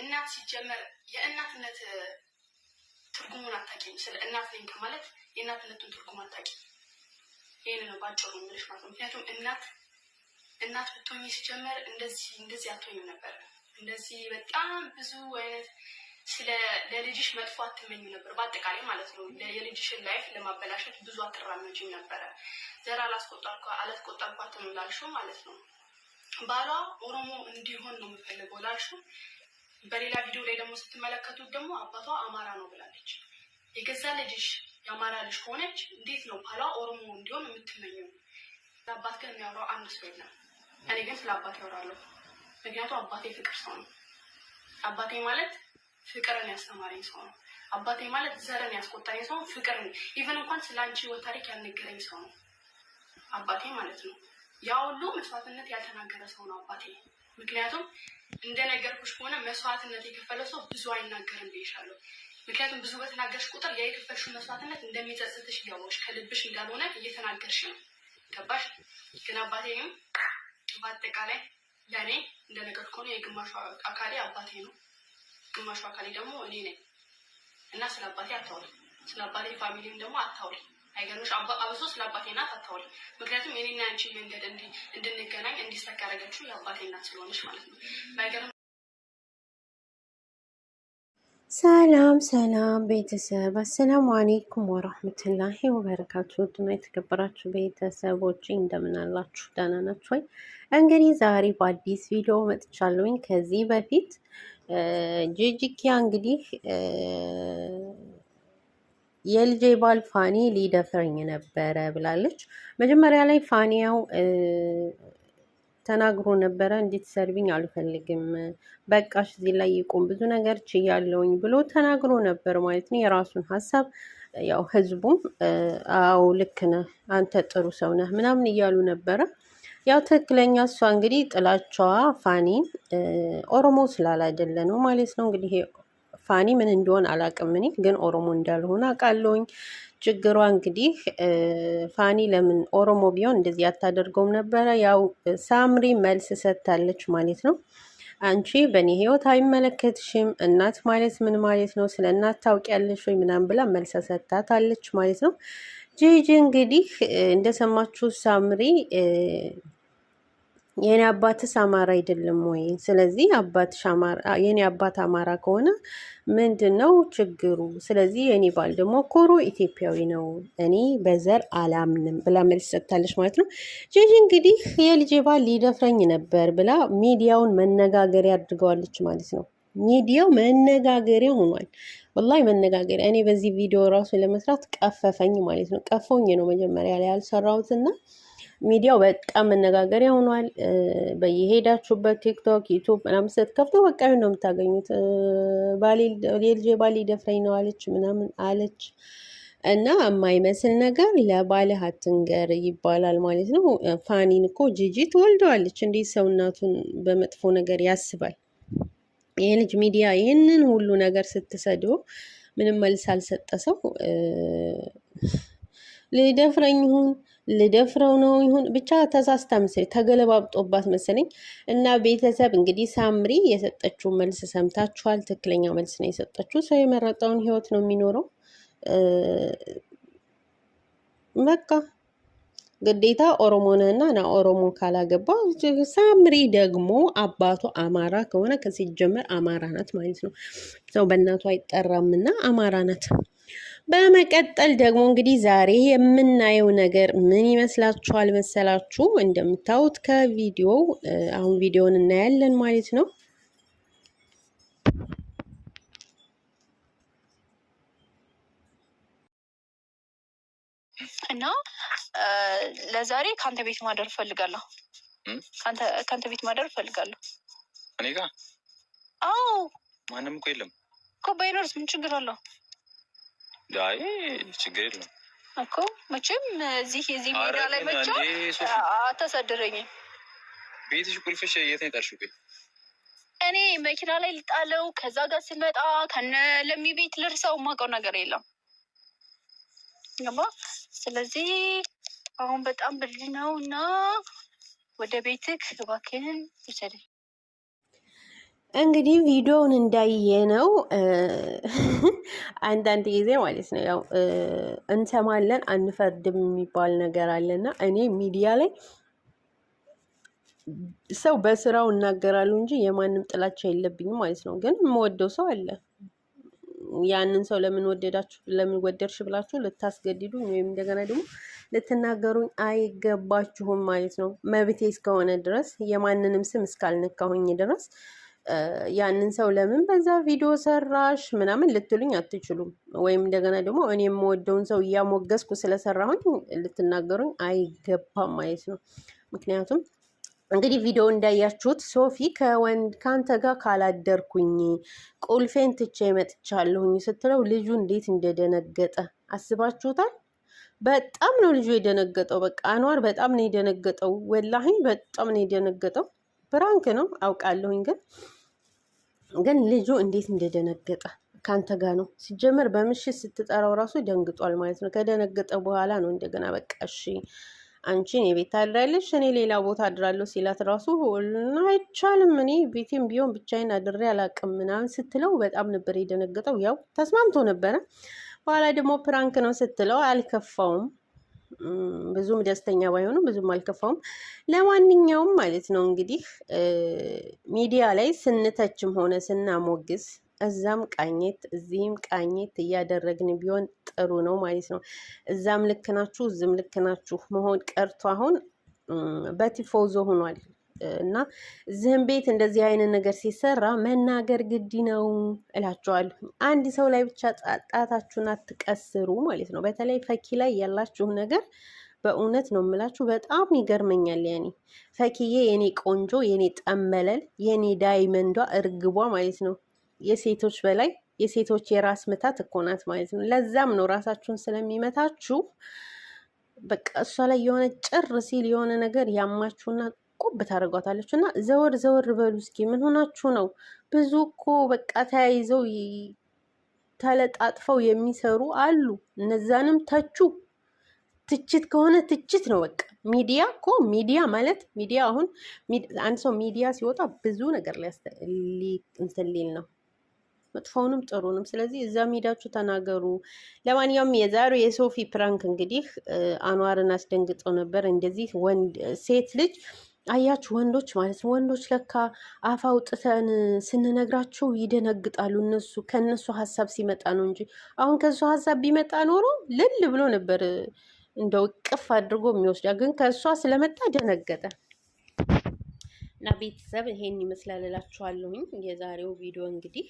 እናት ሲጀመር የእናትነት ትርጉሙን አታውቂም። ስለ እናት ነኝ ከማለት የእናትነቱን ትርጉም አታውቂም። ይህን ነው ባጭሩ የምልሽ ማለት ነው። ምክንያቱም እናት እናት ብትሆኝ ሲጀመር እንደዚህ እንደዚህ አትሆኝም ነበር። እንደዚህ በጣም ብዙ አይነት ስለ ለልጅሽ መጥፎ አትመኙ ነበር። በአጠቃላይ ማለት ነው የልጅሽን ላይፍ ለማበላሸት ብዙ አትራመጅም ነበረ። ዘር አላስቆጠርኳትም ላልሹ ማለት ነው ባሏ ኦሮሞ እንዲሆን ነው የምፈልገው ላልሹ በሌላ ቪዲዮ ላይ ደግሞ ስትመለከቱት ደግሞ አባቷ አማራ ነው ብላለች። የገዛ ልጅሽ የአማራ ልጅ ከሆነች እንዴት ነው ባሏ ኦሮሞ እንዲሆን የምትመኘው? አባት ግን የሚያወራው አንድ ሰው የለም። እኔ ግን ስለ አባት አወራለሁ ምክንያቱም አባቴ ፍቅር ሰው ነው። አባቴ ማለት ፍቅርን ያስተማረኝ ሰው ነው። አባቴ ማለት ዘርን ያስቆጣኝ ሰው፣ ፍቅርን ኢቨን እንኳን ስለ አንቺ ህይወት ታሪክ ያልነገረኝ ሰው ነው አባቴ ማለት ነው። ያ ሁሉ መስዋዕትነት ያልተናገረ ሰው ነው አባቴ። ምክንያቱም እንደነገርኩሽ ከሆነ መስዋዕትነት የከፈለ ሰው ብዙ አይናገርም ብይሻለሁ። ምክንያቱም ብዙ በተናገርሽ ቁጥር ያ የከፈልሽው መስዋዕትነት እንደሚጸጽትሽ እያወቅሽ ከልብሽ እንዳልሆነ እየተናገርሽ ነው። ገባሽ? ግን አባቴም በአጠቃላይ ለእኔ እንደነገር ከሆነ የግማሹ አካሌ አባቴ ነው፣ ግማሹ አካሌ ደግሞ እኔ ነኝ እና ስለ አባቴ አታውሪ፣ ስለ አባቴ ፋሚሊም ደግሞ አታውሪ። አይገርምሽ አብሶ ስለ አባቴ እናት አታውሪ። ምክንያቱም የኔና አንቺ መንገድ እንድንገናኝ እንዲሳካ ያደረገችው የአባቴ እናት ስለሆነች ማለት ነው። ባይገርም ሰላም ሰላም ቤተሰብ፣ አሰላሙ አሌይኩም ወራህመቱላሂ ወበረካቱ። ውድና የተከበራችሁ ቤተሰቦች እንደምን አላችሁ? ደህና ናችሁ ወይ? እንግዲህ ዛሬ በአዲስ ቪዲዮ መጥቻለሁኝ። ከዚህ በፊት ጂጂኪያ እንግዲህ የልጄ ባል ፋኒ ሊደፍረኝ ነበረ ብላለች። መጀመሪያ ላይ ፋኒያው ተናግሮ ነበረ እንድትሰርቢኝ አልፈልግም፣ በቃሽ፣ እዚህ ላይ ይቁም፣ ብዙ ነገር ችያለውኝ ብሎ ተናግሮ ነበር ማለት ነው። የራሱን ሀሳብ ያው ህዝቡም አዎ ልክ ነህ፣ አንተ ጥሩ ሰው ነህ ምናምን እያሉ ነበረ። ያው ትክክለኛ እሷ እንግዲህ ጥላቸዋ ፋኒን ኦሮሞ ስላላደለ ነው ማለት ነው እንግዲህ ፋኒ ምን እንደሆን አላቅም። እኔ ግን ኦሮሞ እንዳልሆነ አውቃለሁኝ። ችግሯ እንግዲህ ፋኒ ለምን ኦሮሞ ቢሆን እንደዚህ አታደርገውም ነበረ። ያው ሳምሪ መልስ ሰጥታለች ማለት ነው። አንቺ በእኔ ህይወት አይመለከትሽም፣ እናት ማለት ምን ማለት ነው? ስለ እናት ታውቂያለሽ ወይ ምናምን ብላ መልስ ሰጥታታለች ማለት ነው። ጂጂ እንግዲህ እንደሰማችሁ ሳምሪ የኔ አባትስ አማራ አይደለም ወይ? ስለዚህ የኔ አባት አማራ ከሆነ ምንድን ነው ችግሩ? ስለዚህ የኔ ባል ደግሞ ኮሮ ኢትዮጵያዊ ነው፣ እኔ በዘር አላምንም ብላ መልስ ሰጥታለች ማለት ነው። ጂጂ እንግዲህ የልጄ ባል ሊደፍረኝ ነበር ብላ ሚዲያውን መነጋገሪያ አድርገዋለች ማለት ነው። ሚዲያው መነጋገሪያ ሆኗል። ወላሂ መነጋገሪያ። እኔ በዚህ ቪዲዮ ራሱ ለመስራት ቀፈፈኝ ማለት ነው። ቀፈውኝ ነው መጀመሪያ ላይ ያልሰራውትና ሚዲያው በጣም መነጋገሪያ ሆኗል። በየሄዳችሁበት ቲክቶክ፣ ዩቱብ ምናምን ስትከፍቶ በቃ ነው የምታገኙት። የልጄ ባሌ ደፍረኝ ነው አለች ምናምን አለች እና የማይመስል ነገር ለባልህ አትንገር ይባላል ማለት ነው። ፋኒን እኮ ጂጂ ትወልደዋለች። እንዴት ሰው እናቱን በመጥፎ ነገር ያስባል? ይህ ልጅ ሚዲያ ይህንን ሁሉ ነገር ስትሰድቦ ምንም መልስ አልሰጠ ሰው ሊደፍረኝ ይሁን ልደፍረው ነው ይሁን ብቻ ተሳስታ መሰለኝ ተገለባብጦባት መሰለኝ። እና ቤተሰብ እንግዲህ ሳምሪ የሰጠችው መልስ ሰምታችኋል። ትክክለኛ መልስ ነው የሰጠችው። ሰው የመረጠውን ህይወት ነው የሚኖረው። በቃ ግዴታ ኦሮሞ ነህና ና ኦሮሞ ካላገባ ሳምሪ ደግሞ አባቱ አማራ ከሆነ ከሲጀመር አማራ ናት ማለት ነው። ሰው በእናቱ አይጠራምና አማራ ናት። በመቀጠል ደግሞ እንግዲህ ዛሬ የምናየው ነገር ምን ይመስላችኋል መሰላችሁ? እንደምታዩት ከቪዲዮ አሁን ቪዲዮን እናያለን ማለት ነው። እና ለዛሬ ከአንተ ቤት ማደር እፈልጋለሁ። ከአንተ ቤት ማደር እፈልጋለሁ። እኔ ጋ? አዎ። ማንም እኮ የለም እኮ። ባይኖርስ ምን ችግር አለው? አይ ችግር የለም እኮ መቼም እዚህ የዚህ ሜዳ ላይ መቻ አታሳድረኝም። ቤትሽ ቁልፍሽ የት ነው የጣልሽው? እኔ መኪና ላይ ልጣለው፣ ከዛ ጋር ስመጣ ከነ ለሚ ቤት ልርሰው። የማውቀው ነገር የለም ገባ። ስለዚህ አሁን በጣም ብርድ ነው እና ወደ ቤትክ እባክህን ውሰደኝ። እንግዲህ ቪዲዮውን ነው። አንዳንድ ጊዜ ማለት ነው ያው እንሰማለን አንፈርድም የሚባል ነገር አለና እኔ ሚዲያ ላይ ሰው በስራው እናገራሉ እንጂ የማንም ጥላቻ የለብኝም ማለት ነው። ግን የምወደው ሰው አለ ያንን ሰው ለምን ወደዳችሁ ለምን ወደድሽ ብላችሁ ልታስገድዱኝ ወይም እንደገና ደግሞ ልትናገሩኝ አይገባችሁም ማለት ነው። መብቴ እስከሆነ ድረስ የማንንም ስም እስካልነካሁኝ ድረስ ያንን ሰው ለምን በዛ ቪዲዮ ሰራሽ ምናምን ልትሉኝ አትችሉም። ወይም እንደገና ደግሞ እኔ የምወደውን ሰው እያሞገስኩ ስለሰራሁኝ ልትናገሩኝ አይገባም ማለት ነው። ምክንያቱም እንግዲህ ቪዲዮ እንዳያችሁት ሶፊ ከወንድ ከአንተ ጋር ካላደርኩኝ ቁልፌን ትቼ መጥቻለሁኝ ስትለው ልጁ እንዴት እንደደነገጠ አስባችሁታል። በጣም ነው ልጁ የደነገጠው። በቃ አኗር በጣም ነው የደነገጠው። ወላህኝ በጣም ነው የደነገጠው። ብራንክ ነው አውቃለሁኝ፣ ግን ግን ልጁ እንዴት እንደደነገጠ ከአንተ ጋር ነው ሲጀመር። በምሽት ስትጠራው ራሱ ደንግጧል ማለት ነው። ከደነገጠ በኋላ ነው እንደገና በቃ እሺ አንቺን እኔ ቤት እኔ ሌላ ቦታ አድራለሁ ሲላት ራሱ አይቻልም፣ እኔ ቤቴም ቢሆን ብቻዬን አድሬ አላቅም ምናምን ስትለው በጣም ነበር የደነገጠው። ያው ተስማምቶ ነበረ። በኋላ ደግሞ ፕራንክ ነው ስትለው አልከፋውም፣ ብዙም ደስተኛ ባይሆንም ብዙም አልከፋውም። ለማንኛውም ማለት ነው እንግዲህ ሚዲያ ላይ ስንተችም ሆነ ስናሞግስ እዛም ቃኘት እዚህም ቃኘት እያደረግን ቢሆን ጥሩ ነው ማለት ነው። እዛም ልክ ናችሁ፣ እዚህም ልክ ናችሁ መሆን ቀርቶ አሁን በቲፎዞ ሆኗል እና እዚህም ቤት እንደዚህ አይነት ነገር ሲሰራ መናገር ግድ ነው እላቸዋለሁ። አንድ ሰው ላይ ብቻ ጣታችሁን አትቀስሩ ማለት ነው። በተለይ ፈኪ ላይ ያላችሁ ነገር በእውነት ነው የምላችሁ፣ በጣም ይገርመኛል። ያኔ ፈኪዬ የኔ ቆንጆ፣ የኔ ጠመለል፣ የኔ ዳይመንዷ እርግቧ ማለት ነው የሴቶች በላይ የሴቶች የራስ ምታት እኮ ናት ማለት ነው። ለዛም ነው ራሳችሁን ስለሚመታችሁ በቃ እሷ ላይ የሆነ ጭር ሲል የሆነ ነገር ያማችሁና ቁብ ታደርጓታለች እና ዘወር ዘወር በሉ እስኪ። ምን ሆናችሁ ነው? ብዙ እኮ በቃ ተያይዘው ተለጣጥፈው የሚሰሩ አሉ። እነዛንም ተቹ። ትችት ከሆነ ትችት ነው በቃ። ሚዲያ እኮ ሚዲያ ማለት ሚዲያ አሁን አንድ ሰው ሚዲያ ሲወጣ ብዙ ነገር ሊያስተ እንትን ሊል ነው መጥፎውንም ጥሩንም። ስለዚህ እዛም ሄዳችሁ ተናገሩ። ለማንኛውም የዛሬው የሶፊ ፕራንክ እንግዲህ አኗርን አስደንግጠው ነበር። እንደዚህ ወንድ ሴት ልጅ አያችሁ ወንዶች ማለት ነው። ወንዶች ለካ አፍ አውጥተን ስንነግራቸው ይደነግጣሉ። እነሱ ከእነሱ ሀሳብ ሲመጣ ነው እንጂ አሁን ከእሱ ሀሳብ ቢመጣ ኖሮ ልል ብሎ ነበር እንደው ቅፍ አድርጎ የሚወስዳ፣ ግን ከእሷ ስለመጣ ደነገጠ እና ቤተሰብ ይሄን ይመስላል እላችኋለሁኝ የዛሬው ቪዲዮ እንግዲህ